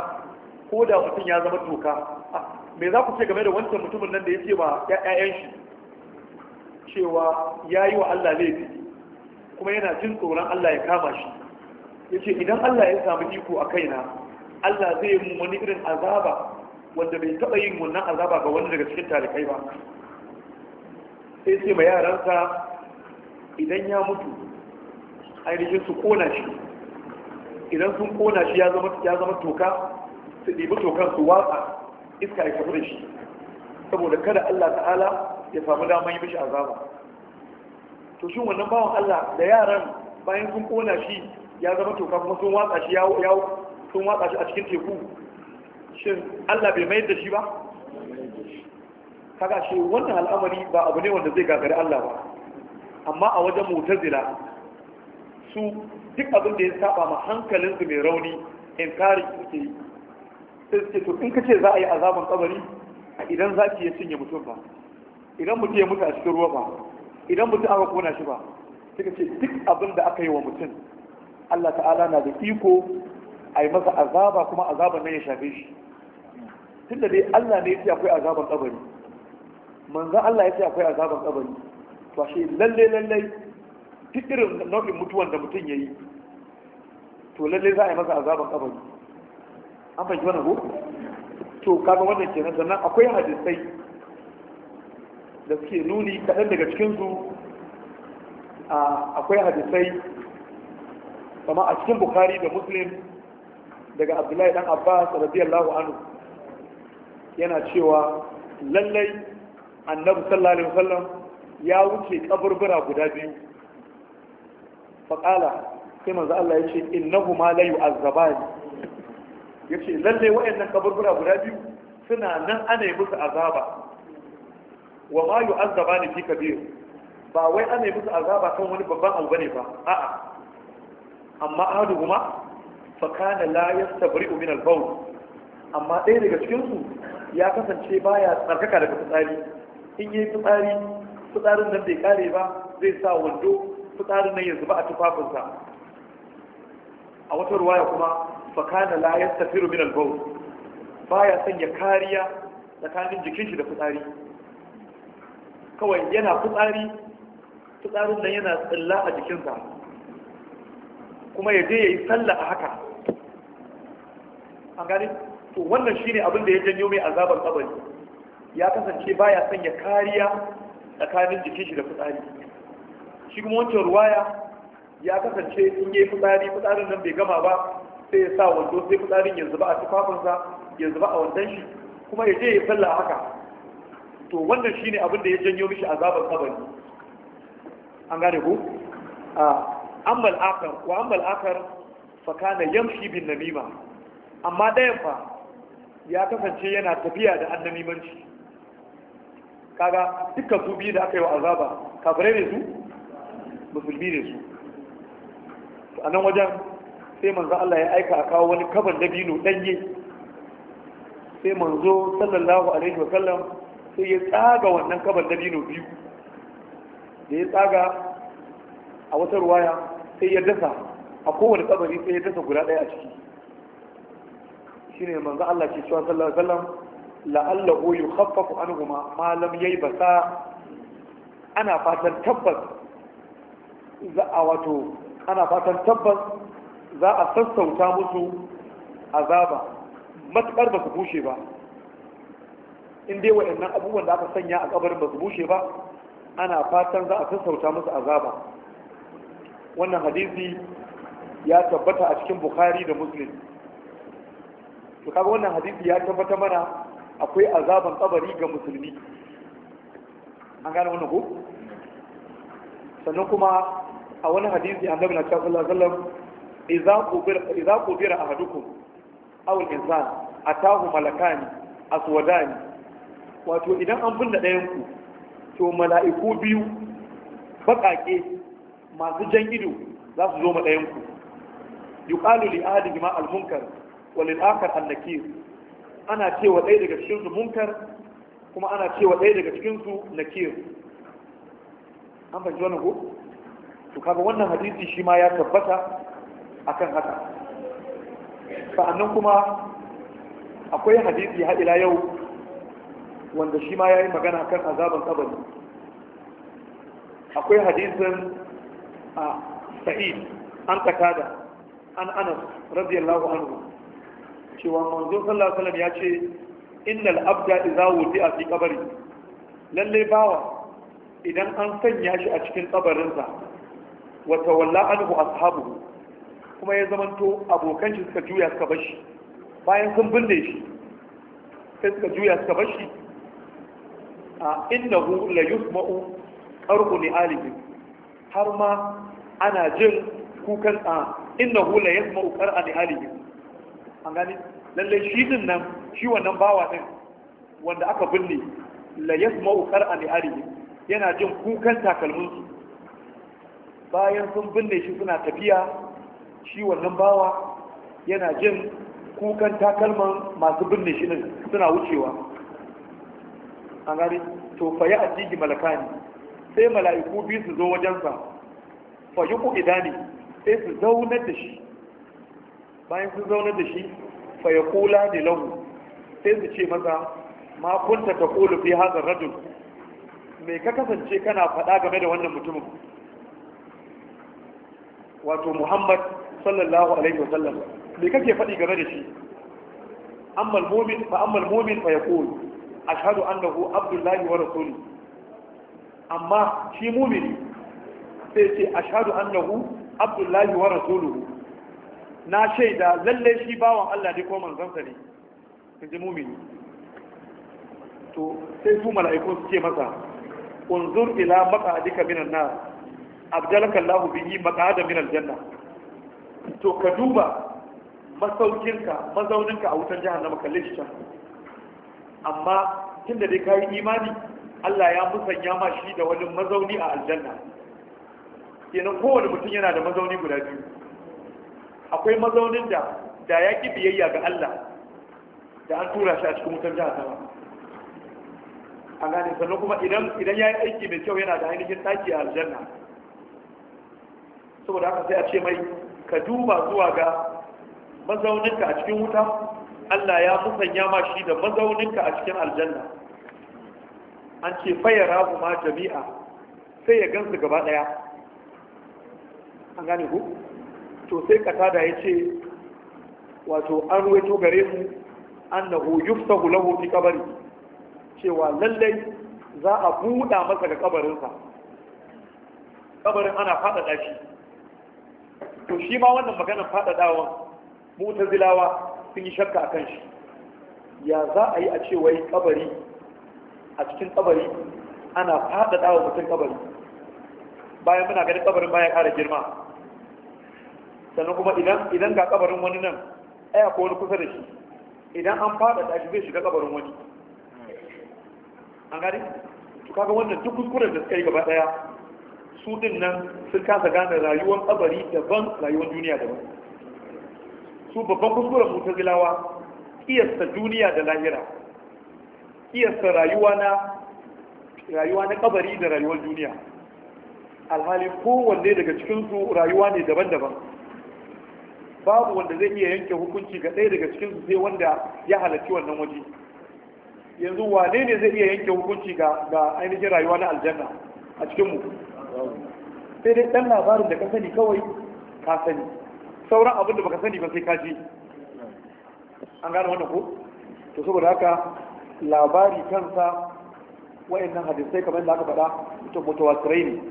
ko da mutum ya zama toka ah, me za ku ce game da wancan mutumin nan da ya ce ba ƴaƴan shi cewa ya yi wa Allah laifi kuma yana jin tsoron Allah ya kama shi ya ce idan Allah ya samu iko a kaina Allah zai yi wani irin azaba wanda bai taɓa yin wannan azaba ga wani daga cikin talikai ba sai ce ma yaransa idan ya mutu ainihin su kona shi idan sun kona shi ya zama toka su ɗibi tokan su watsa iska ya tafi da shi saboda kada Allah ta'ala ya samu damar yi mishi azaba to shi wannan bawan Allah da yaran bayan sun kona shi ya zama toka kuma sun watsa shi sun watsa shi a cikin teku shin Allah bai mayar da shi ba kaga shi wannan al'amari ba abu ne wanda zai gagari Allah ba amma a wajen mutazila su duk abin da ya saba ma hankalin su mai rauni inkari suke yi sai suke to in kace za a yi azaban kabari idan za ki ya cinye mutum ba idan mutum ya mutu a cikin ruwa ba idan mutum aka kona shi ba suka ce duk abin da aka yi wa mutum Allah ta'ala na da iko a yi masa azaba kuma azaban nan ya shafe shi tun da dai Allah ne ya ce akwai azaban kabari manzan Allah ya ce akwai azaban kabari to shi lalle lalle duk irin nau'in mutuwan da mutum ya yi to lallai za a yi masa azaban kabari an fahimci wannan hukun to kaga wannan kenan sannan akwai hadisai da suke nuni kaɗan daga cikinsu akwai hadisai kama a cikin bukari da muslim daga abdullahi dan abbas radiyallahu anhu yana cewa lallai annabi sallallahu alaihi wasallam ya wuce kaburbura guda biyu faƙala sai manzo Allah ya ce innahu ma la yu'azzabani ya ce lalle waɗannan kaburbura guda biyu suna nan ana yi musu azaba wa ma yu'azzabani fi kabir ba wai ana yi musu azaba kan wani babban abu bane ba a'a amma ahaduhuma fa kana la yastabri'u min al-bawl amma ɗaya daga cikin su ya kasance baya tsarkaka daga fitsari in yi fitsari fitsarin nan bai kare ba zai sa wando fitsarin nan yanzu ba a tufafinsa a wata ruwaya kuma fakana la ya tafiru min ya baya sanya kariya tsakanin jikin shi da fitsari kawai yana fitsari fitsarin nan yana tsilla a jikinsa kuma ya je ya yi sallah a haka an gane to wannan shine abin da ya janyo mai azabar kabari ya kasance baya sanya kariya tsakanin jikin shi da fitsari shi kuma wancan ruwaya ya kasance in yi fitsari fitsarin nan bai gama ba sai ya sa wando sai fitsarin ya zuba a tufafinsa ya zuba a wandon shi kuma ya je ya salla haka to wannan shi ne abinda ya janyo mishi azabar kabari an gane ku A ammal akar wa ammal akar fa kana yamshi bin namima amma dayan fa ya kasance yana tafiya da annamimanci kaga dukkan su biyu da aka yi wa azaba kafirai ne su musulmi ne su a nan wajen sai manzo Allah ya aika a kawo wani kaban dabino danye sai manzo sallallahu alaihi wa sallam sai ya tsaga wannan kaban dabino biyu da ya tsaga a wata ruwaya sai ya dasa a kowane kabari sai ya dasa guda ɗaya a ciki shine manzo Allah ke cewa sallallahu alaihi wa sallam la'allahu yukhaffafu anhuma ma lam yaybasa ana fatan tabbas za a wato ana fatan tabbas za a sassauta musu azaba matuƙar ba su bushe ba in dai waɗannan abubuwan da aka sanya a kabarin ba su bushe ba ana fatan za a sassauta musu azaba wannan hadisi ya tabbata a cikin bukhari da muslim to kaga wannan hadisi ya tabbata mana akwai azaban kabari ga musulmi an gane wannan ko sannan kuma a wani hadisi annabi na cewa sallallahu alaihi wasallam idza kubira ahadukum aw al-insan atahu malakan aswadan wato idan an binne ɗayan ku to mala'iku biyu baƙaƙe masu jan ido za su zo ma ɗayan ku yuqalu li ma al-munkar wa lil akhar an-nakir ana cewa ɗaya daga cikin su munkar kuma ana cewa ɗaya daga cikin su nakir an fahimci wannan ko to kaga wannan hadisi shi ma ya tabbata akan haka sa'annan kuma akwai hadisi har ila yau wanda shi ma ya yi magana kan azaban kabari akwai hadisin a sa'id an takada an anas radiyallahu anhu cewa manzo sallallahu alaihi wasallam ya ce innal abda idza wudi'a fi qabri lalle bawa idan an sanya shi a cikin tsabarinsa, wata walla anhu ashabu kuma ya zamanto abokan shi suka juya suka bashi bayan sun binne shi sai suka juya suka bashi a innahu la yusma'u qarqu li alihi har ma ana jin kukan a innahu la yasma'u qarqa li alihi an gani lalle shi din nan shi wannan bawa din wanda aka binne la yasma'u qarqa li alihi yana jin kukan takalminsu bayan sun binne shi suna tafiya shi wannan bawa yana jin kukan takalman masu binne shi ne suna wucewa an gani to fa ya ajiji malakani sai mala'iku biyu su zo wajensa fa yi ku idani sai su zaunar da shi bayan sun zaunar da shi fa ya kula da lahu sai su ce masa ma kunta ta kulu fi hazar rajul me ka kasance kana faɗa game da wannan mutumin wato muhammad sallallahu alaihi wasallam me kake faɗi game da shi amma mumin fa amma mumin fa yaqul ashhadu annahu abdullahi wa rasuli amma shi mumin. sai ce ashhadu annahu abdullahi wa rasuluhu na shaida lalle shi bawan Allah ne ko manzansa ne in ji mumin. to sai su mala'iku su ce masa unzur ila maqadika minan nar abdalaka Allah bihi maqada minal janna to ka duba masaukinka mazauninka a wutar jahannama kalle shi can amma tunda dai kai imani Allah ya musanya ma shi da wani mazauni a aljanna kenan kowane mutum yana da mazauni guda biyu akwai mazaunin da da ya ki biyayya ga Allah da an tura shi a cikin wutar jahannama a gane sannan kuma idan idan yi aiki mai kyau yana da ainihin ɗaki a aljanna saboda haka sai a ce mai ka duba zuwa ga mazauninka a cikin wuta Allah ya musanya ma shi da mazauninka a cikin aljanna an ce faya rabu ma jami'a sai ya gansu gaba daya an gane ku to sai katada ya ce wato an ruwaito gare mu annahu yuftahu lahu fi kabari cewa lallai za a buɗa masa da kabarinsa kabarin ana faɗaɗa shi to shi ma wannan maganar faɗaɗawa zilawa sun yi shakka a kan shi ya za a yi a ce wai kabari a cikin kabari ana faɗaɗawa mutum kabari bayan muna ganin kabarin baya ƙara girma sannan kuma idan idan ga kabarin wani nan aya ko wani kusa da shi idan an faɗaɗa shi zai shiga kabarin wani an gari kaga wannan duk kuskuren da suka yi gaba daya su din nan sun kasa gane rayuwar kabari daban rayuwar duniya daban su babban kuskuren gilawa, kiyasta duniya da lahira kiyasta rayuwa na rayuwa na kabari da rayuwar duniya alhali kowanne daga cikinsu rayuwa ne daban-daban babu wanda zai iya yanke hukunci ga ɗaya daga cikinsu sai wanda ya halarci wannan waje yanzu wane ne zai iya yanke hukunci ga ainihin rayuwa na aljanna a cikinmu sai dai ɗan labarin da ka sani kawai ka sani sauran abin da baka sani ba sai ka ji an gane wannan ko to saboda haka labari kansa wayannan hadisai kamar da aka faɗa ita mutawatirai ne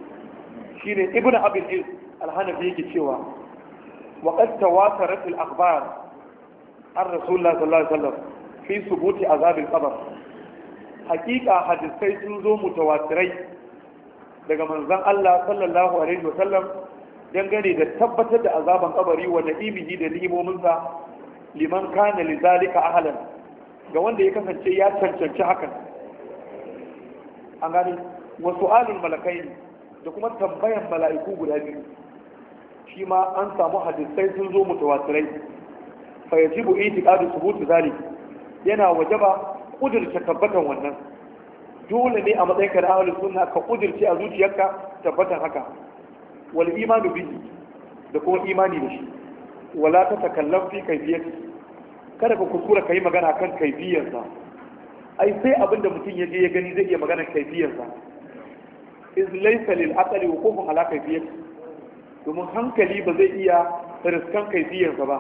Shi ne abul iz al-hanafi yake cewa wa qad tawatarat al-akhbar an rasulullah sallallahu alaihi wasallam fi subuti azab al-qabr hakika hadisai sun zo mutawatirai daga manzon Allah sallallahu alaihi wasallam dangane da tabbatar da azaban kabari wa na'imihi da ni'imominsa liman kana zalika ahlan ga wanda ya kasance ya cancanci hakan an gani wa su'alul malakaini da kuma tambayan mala'iku guda biyu shi ma an samu hadisai sun zo mutawatirai fa yajibu itiqadu thubut zalik yana wajaba kudurce tabbatan wannan dole ne a matsayin ka da awali suna ka kudurce a zuciyarka tabbatan haka wal imanu bihi da kuma imani da shi wala ta takallafi kaifiyarsa. kada ka ka kai magana kan kaifiyarsa ai sai abin da mutum ya je ya gani zai iya magana kaifiyarsa iz laysa lil aqli wuqufun ala kaifiyati domin hankali ba zai iya riskan kaifiyarsa ba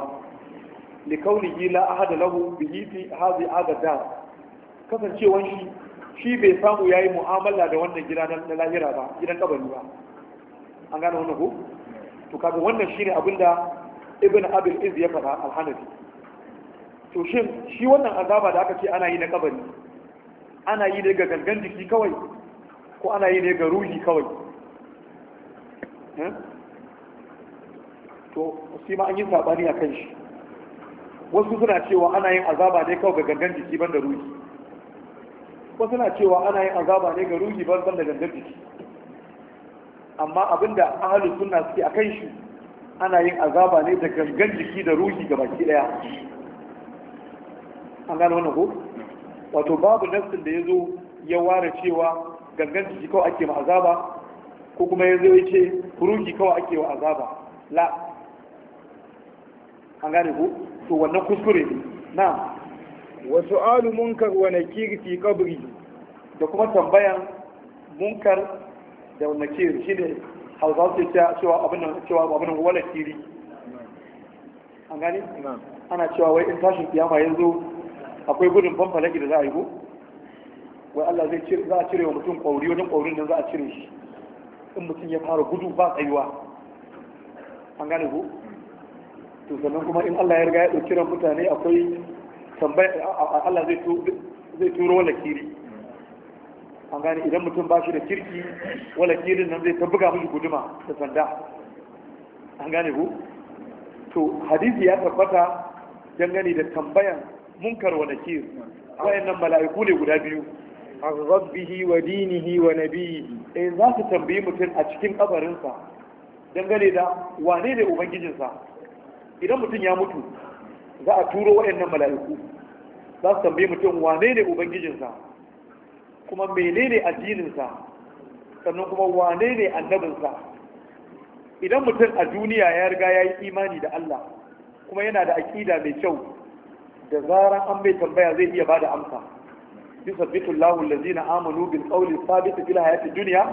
li kaunihi la ahad lahu bihi fi hadhihi dar kasancewan shi shi bai samu ya yi mu'amala da wannan gida na lahira ba gidan kabari ba an gane wannan ko to kaga wannan shine abin da ibn abil iz ya faɗa alhanafi to shin shi wannan azaba da aka ce ana yi na kabari ana yi ne ga gangan jiki kawai ko ana yi ne ga ruhi kawai eh? to shi ma an yi sabani a kan shi wasu suna cewa ana yin azaba ne kawai ga gangan jiki ban da ruhi ko suna cewa ana yin azaba ne ga ruhi ban san da gangar jiki amma abinda ahalus sunna suke a kan shi ana yin azaba ne da gangan jiki da ruhi ga baki daya an gane wannan ko wato babu nassin da ya zo ya ware cewa gangan jiki kawai ake ma azaba ko kuma ya zo ya ce ruhi kawai ake wa azaba la an gane ko to wannan kuskure ne na'am Wasu alu munkar wa nakir fi qabri da kuma tambayan munkar da wane shine shi su ta cewa abin nan cewa abin kiri an gani ana cewa wai in tashin kiyama yanzu akwai gudun fanfalaki da za a yi ko wai Allah zai cire za a cire wa mutum kwauri wajen kwaurin nan za a cire shi in mutum ya fara gudu ba tsayuwa an gane ko to sannan kuma in Allah ya riga ya ɗauki ran mutane akwai tambaya Allah zai turo wala kiri an gane idan mutum ba shi da kirki wala kirin nan zai ta buga guduma da sanda an gane ku to hadisi ya tabbata dangane da tambayan munkar wa nakir wayannan mala'iku ne guda biyu an rabbihi wa dinihi wa nabiyi eh za su tambayi mutum a cikin kabarinsa dangane da wane ne ubangijinsa idan mutum ya mutu za a turo waɗannan mala'iku za su tambaye mutum wane ne ubangijinsa kuma menene addininsa sannan kuma wane ne annabinsa idan mutum a duniya ya riga ya yi imani da Allah kuma yana da aƙida mai kyau da zaran an mai tambaya zai iya bada amsa yusabbitu Allahu allazina amanu bil qawli thabit fil hayati duniya,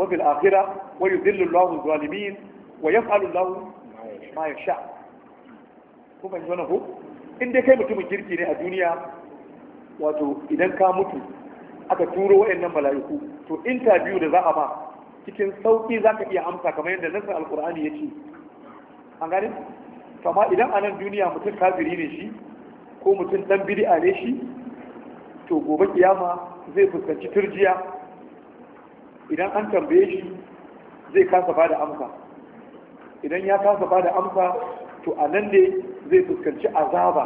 wa fil akhirah wa yudhillu Allahu adh wa yaf'alu Allahu ma yasha' kuma yi wani ko in dai kai mutumin kirki ne a duniya wato idan ka mutu aka turo waɗannan mala'iku to interview da za a ba cikin sauƙi za ka iya amsa kamar yadda nasar alkur'ani ya ce an gani? kama idan a nan duniya mutum kafiri ne shi ko mutum dan bid'a ne shi to gobe kiyama zai fuskanci turjiya idan an tambaye shi zai kasa bada amsa idan ya kasa bada amsa to a nan ne zai fuskanci azaba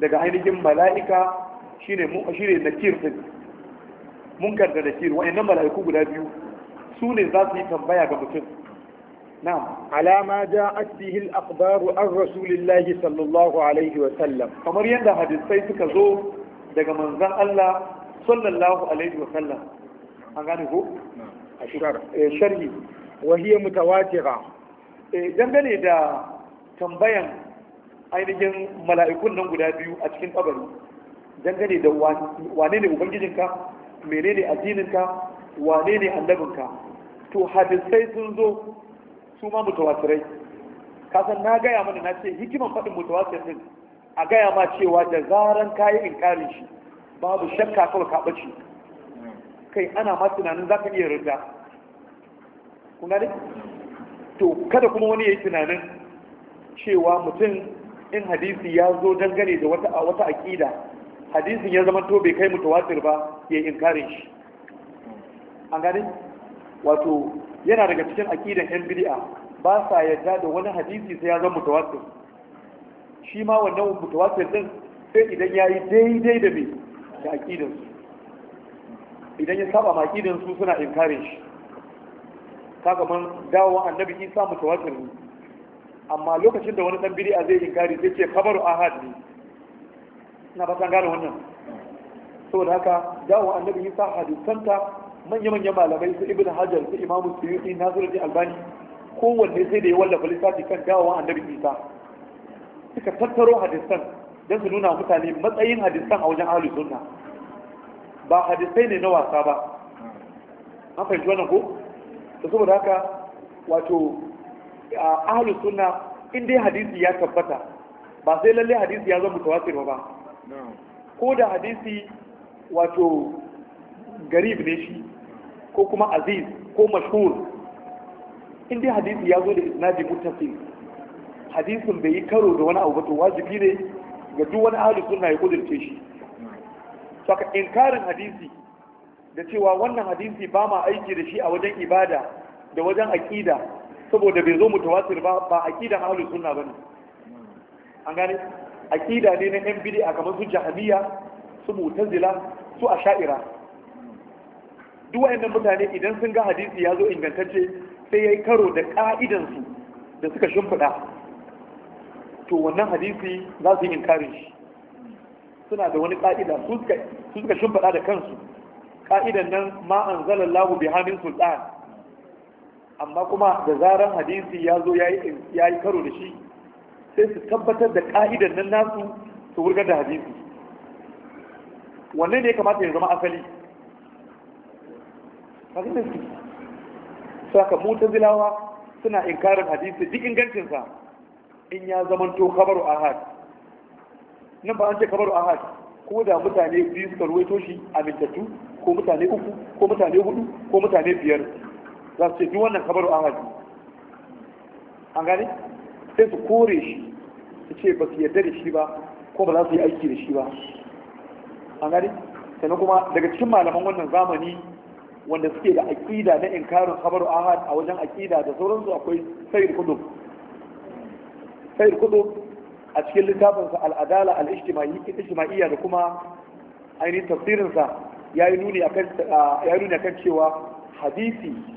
daga ainihin mala'ika shine shine nakir din munkar da nakir wa'annan mala'iku guda biyu su ne za su yi tambaya ga mutum نعم Alama ما جاءت به an rasulillahi sallallahu alaihi صلى الله عليه وسلم كما يندى حديثي daga manzan Allah sallallahu alaihi wa sallam an gane ko a eh, sharhi wa hiya mutawatira eh dangane da tambayan ainihin mala'ikun nan guda biyu a cikin kabari dangane da wane ne ubangijinka menene addininka wane ne annabinka to hadisai sun zo su ma mutawatirai kasan na gaya mana na ce hikiman faɗin mutawatir din a gaya ma cewa da zaran kayi inkarin shi babu shakka kawai ka ɓace kai ana ma tunanin za ka iya rinda kuma ne? to kada kuma wani ya yi tunanin cewa mutum in hadisi ya zo dangane da wata wata aƙida hadisin ya zama to bai kai mutawatir ba ya inkare shi an gani, wato yana daga cikin aƙidan yan bid'a ba sa yadda da wani hadisi sai ya zama mutawatir shi ma wannan mutawatir din sai idan ya yi daidai da mai da aƙidansu idan ya saba ma aƙidansu suna inkare shi kaga man dawo annabi isa mutawatir ne amma lokacin da wani dan a zai inkari sai ce khabaru ahad ne na ba san gane wannan saboda haka dawo annabi Isa hadisanta manya manyan malamai su ibnu hajar su imamu suyuti nasiruddin albani kowanne sai da ya wallafa lissafi kan dawowa annabi Isa suka tattaro hadisan don su nuna mutane matsayin hadisan a wajen ahlus sunna ba hadisai ne na wasa ba an fahimci wannan ko to saboda haka wato ahlu sunna in dai hadisi ya tabbata ba sai lalle hadisi ya zama mutawatir ba ko da hadisi wato garib ne shi ko kuma aziz ko mashhur in dai hadisi ya zo da isnadi muttasil hadisin bai yi karo da wani abu ba to wajibi ne ga duk wani ahli sunna ya kudurce shi saka inkarin hadisi da cewa wannan hadisi ba ma aiki da shi a wajen ibada da wajen aƙida saboda bai zo mutawatir ba ba aqida ahli sunna bane an gane aqida ne na yan bid'a kamar su jahmiya su mu'tazila su asha'ira duk wayannan mutane idan sun ga hadisi ya zo ingantacce sai yayi karo da ka'idan su da suka shimfida to wannan hadisi za su yi inkarin shi suna da wani ka'ida su suka shimfida da kansu ka'idan nan ma anzalallahu bihamin sultan amma kuma da zaran hadisi ya zo ya yi karo da shi sai su tabbatar da ka'idar nan nasu su wurgar da hadisi wanne ne ya kamata ya zama asali saka zilawa suna inkarin hadisi duk ingancinsa in ya zamanto kabaru ahad nan ba an ce kabaru ahad ko da mutane biyu suka ruwaito shi mintattu, ko mutane uku ko mutane hudu ko mutane biyar za su ce wannan kabaru an haji an gani sai su kore shi su ce ba su yarda da shi ba ko ba za su yi aiki da shi ba an gani. sannan kuma daga cikin malaman wannan zamani wanda suke da aƙida na inkarin kabaru ahad a wajen aƙida da sauransu akwai sayyid kudub sayyid kudub a cikin littafinsa al'adala al'ishtima'iyya da kuma ainihin tafsirinsa ya yi nuni akan cewa hadisi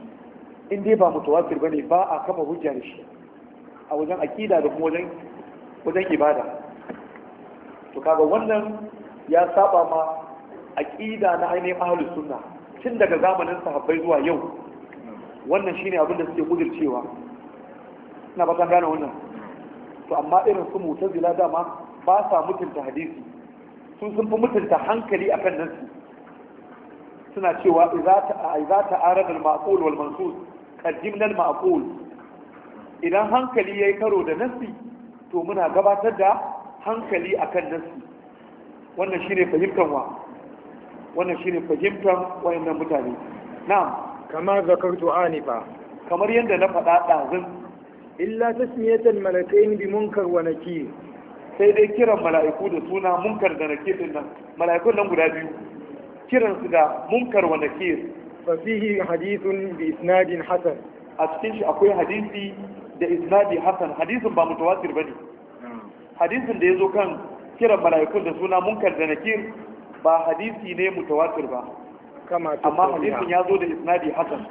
in dai ba mutawatir bane ba a kafa hujja da shi a wajen akida da kuma wajen wajen ibada to kaga wannan ya saba ma aqida na ainihin ahlus sunna tun daga zamanin sahabbai zuwa yau wannan shine abin da suke kudircewa ina ba gane wannan to amma irin su mutazila dama ba sa mutunta hadisi sun sun fi mutunta hankali a kan nan suna cewa idza ta arada al-ma'qul wal mansus qaddimna al-ma'qul idan hankali yayi karo da nasi to muna gabatar da hankali akan nasi wannan shine fahimtar wa wannan shine fahimtar wayannan mutane na'am kama zakartu anifa kamar yadda na faɗa ɗazun illa tasmiyatan malakain bi munkar wa nakir sai dai kiran mala'iku da suna munkar da nakir din nan mala'ikun nan guda biyu kiran su da munkar wa nakir fa fihi hadithun isnadin hasan a cikin shi akwai hadisi da isnadi hasan hadisin ba mutawatir bane hadisin da yazo kan kiran mala'ikun da suna munkar da nakir ba hadisi ne mutawatir ba amma hadisin ya zo da isnadi hasan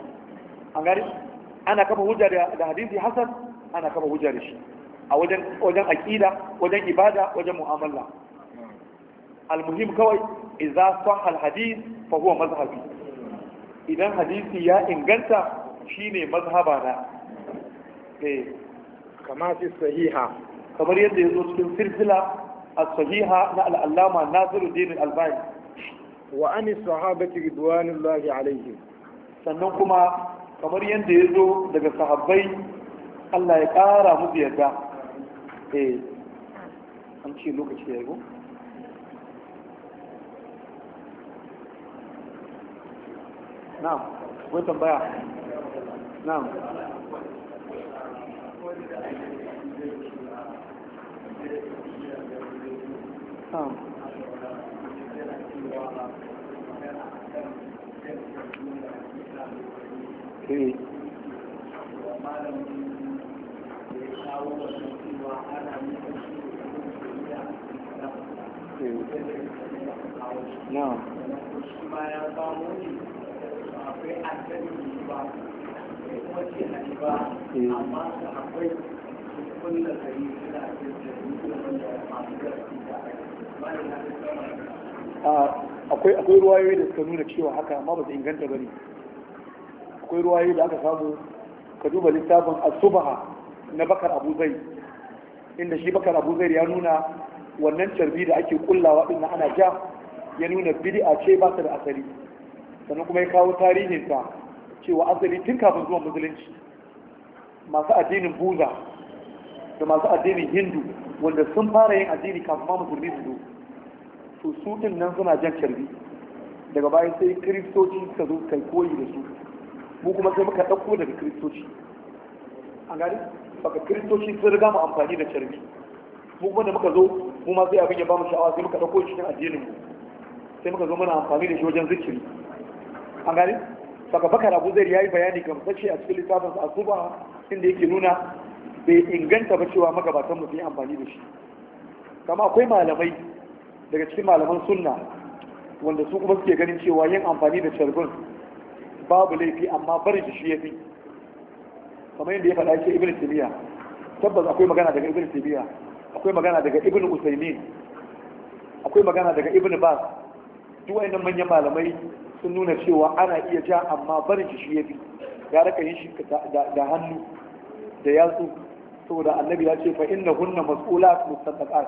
an gani ana kafa hujja da hadisi hasan ana kafa hujja da a wajen wajen wajen ibada wajen mu'amala almuhim kawai idza sahha fa huwa mazhabi idan hadisi ya inganta shine mazhaba na eh. kama fi sahiha kamar yadda ya zo cikin firfila a sahiha na al'allama na zuru al-Albani wa an sahabati ridwanullahi sannan kuma kamar yadda ya zo daga sahabbai Allah ya ƙara musu yarda eh an ce lokaci ya yi na'am wai tambaya na'am na'am eh Na'am. akwai addini ba kuma ce a ba eh. amma su akwai kulla kari suna akwai akwai ruwayoyi da suka nuna cewa haka amma ba su inganta ba ne akwai ruwayoyi da aka samu ka duba littafin asubaha na bakar abu zai inda shi bakar abu zai ya nuna wannan carbi da ake kullawa din na ana ja ya nuna bid'a ce ba ta da asali sannan kuma ya kawo tarihinsa cewa asali tun kafin zuwan musulunci masu addinin buza da masu addinin hindu wanda sun fara yin addini kafin ma musulmi su zo to su din nan suna jan carbi daga baya sai kiristoci suka zo kai koyi da su mu kuma sai muka ɗauko daga kiristoci an gani baka kiristoci sun riga mu amfani da carbi mu kuma da muka zo mu ma sai abin ya ba mu sha'awa sai muka ɗauko cikin addinin mu sai muka zo muna amfani da shi wajen zikiri an gani saka bakar abu zai yayi bayani kan sace a cikin littafin sa asuba inda yake nuna bai inganta ba cewa magabatan mu yi amfani da shi kama akwai malamai daga cikin malaman sunna wanda su kuma suke ganin cewa yin amfani da sharbin babu laifi amma barin shi ya fi kamar yadda ya faɗa shi ibn timiya tabbas akwai magana daga ibn timiya akwai magana daga ibn usaimin akwai magana daga ibn bas duk wayannan manyan malamai sun nuna cewa ana iya ja amma barin shi shi ya fi ya raka yin shi da hannu da yatsu saboda annabi ya ce fa inna hunna mas'ulat mustaqat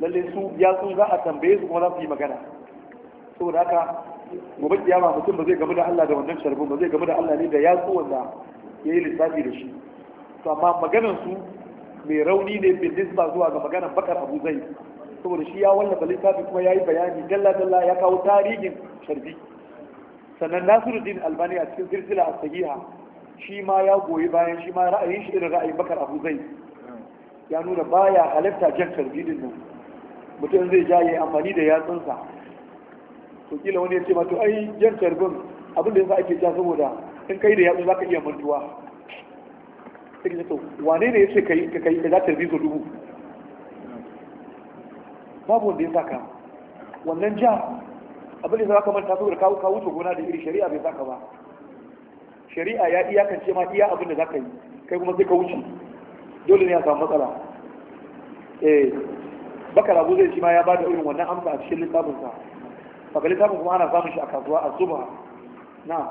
lalle su yatsu za a tambaye su kuma za su yi magana saboda haka gobe kiyama mutum ba zai gamu da Allah da wannan sharbu ba zai gamu da Allah ne da yatsu wanda yayi lissafi da shi to amma maganar su mai rauni ne bin nisba zuwa ga maganar bakar abu zai saboda shi ya wallafa littafi kuma ya yi bayani dalla dalla ya kawo tarihin sharbi sannan nasiruddin albani a cikin silsila a sahiha shi ma ya goyi bayan shi ma ra'ayin shi irin ra'ayin bakar abu zai ya nuna baya halatta jan tarbidin nan mutum zai ja ya amfani da yatsunsa to kila wani ya ce ma to ai jan tarbin abin da yasa ake ja saboda in kai da yatsu zaka iya mantuwa sai ka to wane ne yace kai ka kai za tarbi so dubu babu wanda ya saka wannan ja abin da za ka manta saboda kawo ka wuce gona da iri shari'a bai saka ba shari'a ya iyakance ma iya abin da za ka yi kai kuma sai ka wuce dole ne a samu matsala eh baka rabu zai shi ma ya ba da irin wannan amsa a cikin littafin sa baka littafin kuma ana samun shi a kasuwa a zuba na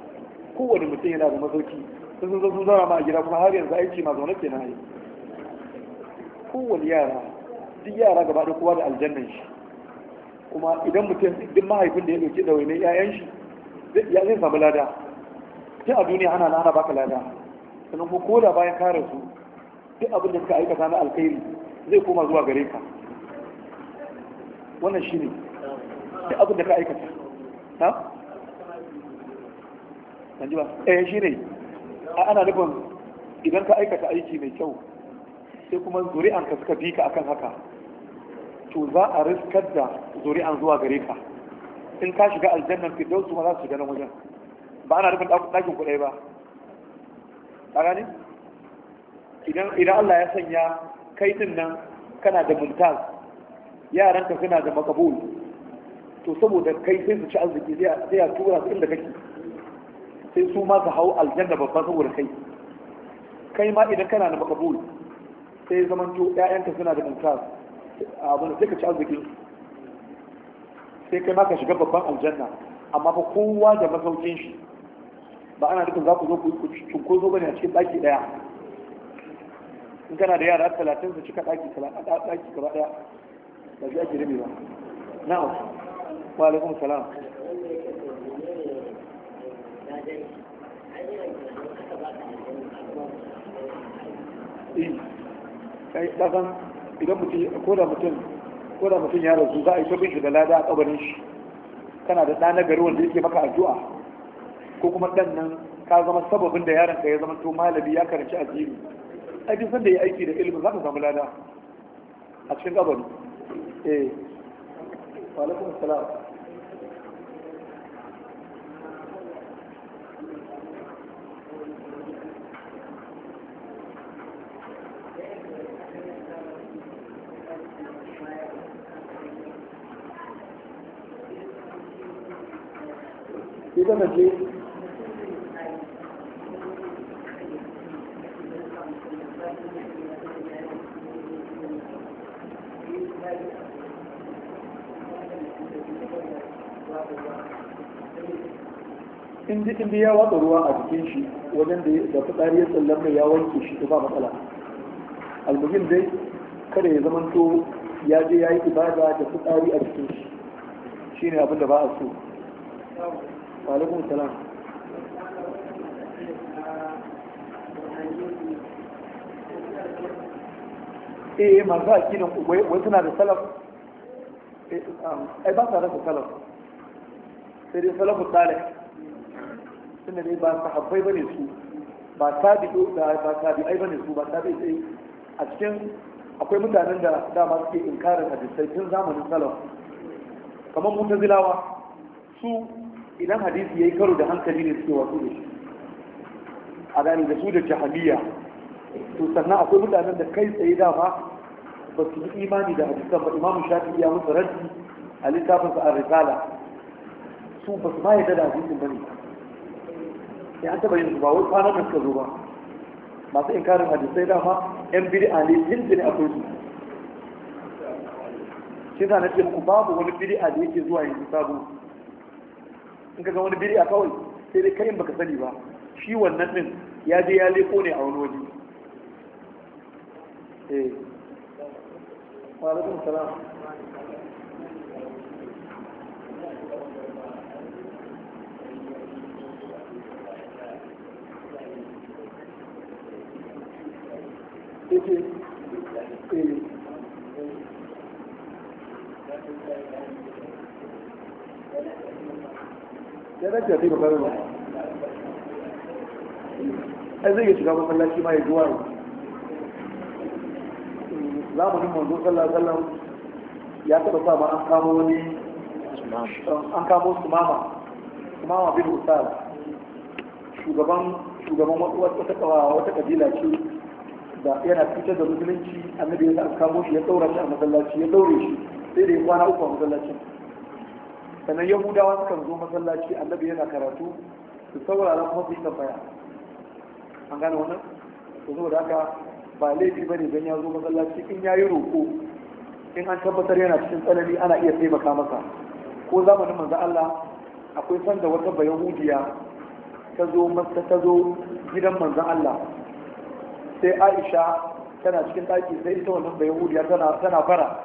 kowane mutum yana da masauki sun sun sun zauna ma a gida kuma har yanzu aiki ma zaune kenan ai kowane yara duk yara gaba da kowa da aljannan shi kuma idan mutum duk mahaifin da ya da ɗawainai 'ya'yan shi ya zai samu lada tun a duniya ana nana baka lada sannan ko koda bayan ka rasu duk abin da suka aikata na alkhairi zai koma zuwa gare ka wannan shine duk abin da ka aikata ha ban ba eh shi ne ana nufin idan ka aikata aiki mai kyau sai kuma zuri'an ka suka bi ka akan haka to za a riskar da zuri'an zuwa gare ka in ka shiga aljannan firdaus ma za su shiga wajen ba ana nufin ɗakin kuɗai ba a gani idan Allah ya sanya kai din nan kana da mumtaz yaranka suna da makabul to saboda kai sai su ci arziki sai a tura su inda kake sai su ma su hau aljanna babba saboda kai kai ma idan kana da makabul sai zaman to ƴaƴanka suna da inkar abin sai ka ci arziki. sai kai ma ka shiga babban aljanna amma fa kowa da masaukin shi ba ana nufin za ku zo ku cunkoso bane a cikin ɗaki ɗaya in kana da yara talatin su cika ɗaki ɗaki gaba ɗaya ba shi ake rabe ba na'am wa alaikum salam ɗasan eh, idan mutum ko da mutum ko da mutum ya rasu za a yi ta shi da lada a kabarin shi kana da ɗana gari wanda yake maka addu'a ko kuma ɗan nan ka zama sababin da yaron ka ya zama to malami ya karanci addini ai duk sanda ya aiki da ilimin za ka samu lada a cikin kabari eh wa alaikum assalam sai kasance in jikin ya watsa ruwa a jikin shi wajen da da fitsari ya tsallar mai ya wanke shi ba matsala almuhim dai kada ya zamanto ya je ya yi ibada da fitsari a jikin shi shine abin da ba a so alaikum salam eh, eh a akidan wai suna da salaf eh, um, ai ba sa rasa salaf sai dai salafu salih tunda dai ba sahabbai bane su ba tabi'u da ba tabi'ai bane su ba tabi'i sai a cikin akwai mutanen da dama suke inkarin hadisai tun zamanin salaf kamar mutazilawa su idan hadisi ya yi karo da hankali ne suke wasu da shi a gane da su da jahaliya to sannan akwai mutanen da kai tsaye dama ba su yi imani da hadisan ba imamu shafi ya musu raddi a littafinsa a risala su ba su ma yadda da hadisin ba ne ya an taɓa yin su ba wai kwanan da suka zo ba masu inkarin hadisai dama yan bid'a ne jinjin akwai su shi na ce ku babu wani bid'a da yake zuwa yanzu sabo in ka ga wani biri a kawai sai dai kayan baka sani ba shi wannan din ya je ya leko ne a wani waje Thank eh. you. ya ta yi ba ba ai zai shiga masallaci ma ya zuwa zamanin manzo sallallahu alaihi wasallam ya taba sa ma an kamo wani an kamo su mama mama bin usal shugaban shugaban wata wata kabila ce da yana fitar da musulunci annabi ya sa an kamo shi ya daura shi a masallaci ya daure shi sai da ya kwana uku a masallacin sannan yahudawa suka zo masallaci annabi yana karatu su saurara kuma su yi tambaya an gane wannan to saboda haka ba laifi bane dan ya zo masallaci in ya yi roƙo in an tabbatar yana cikin tsanani ana iya taimaka masa ko zamanin manzo Allah akwai sanda wata bayahudiya ta zo ta zo gidan manzan Allah sai Aisha tana cikin ɗaki sai ita wannan bayan tana tana bara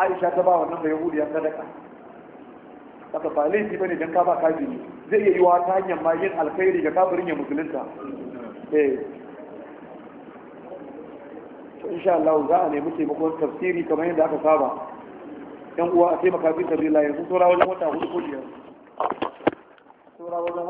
Aisha ta ba wannan ta sadaka haka ba laifi bane dan ka ba kafiri zai iya wa ta hanyar ma yin alkhairi ga kafirin ya musulunta eh to insha Allah za a nemi taimakon tafsiri kamar yadda aka saba yan uwa a taimaka fi sabilillah yanzu saura wajen wata hudu ko biyar saura wajen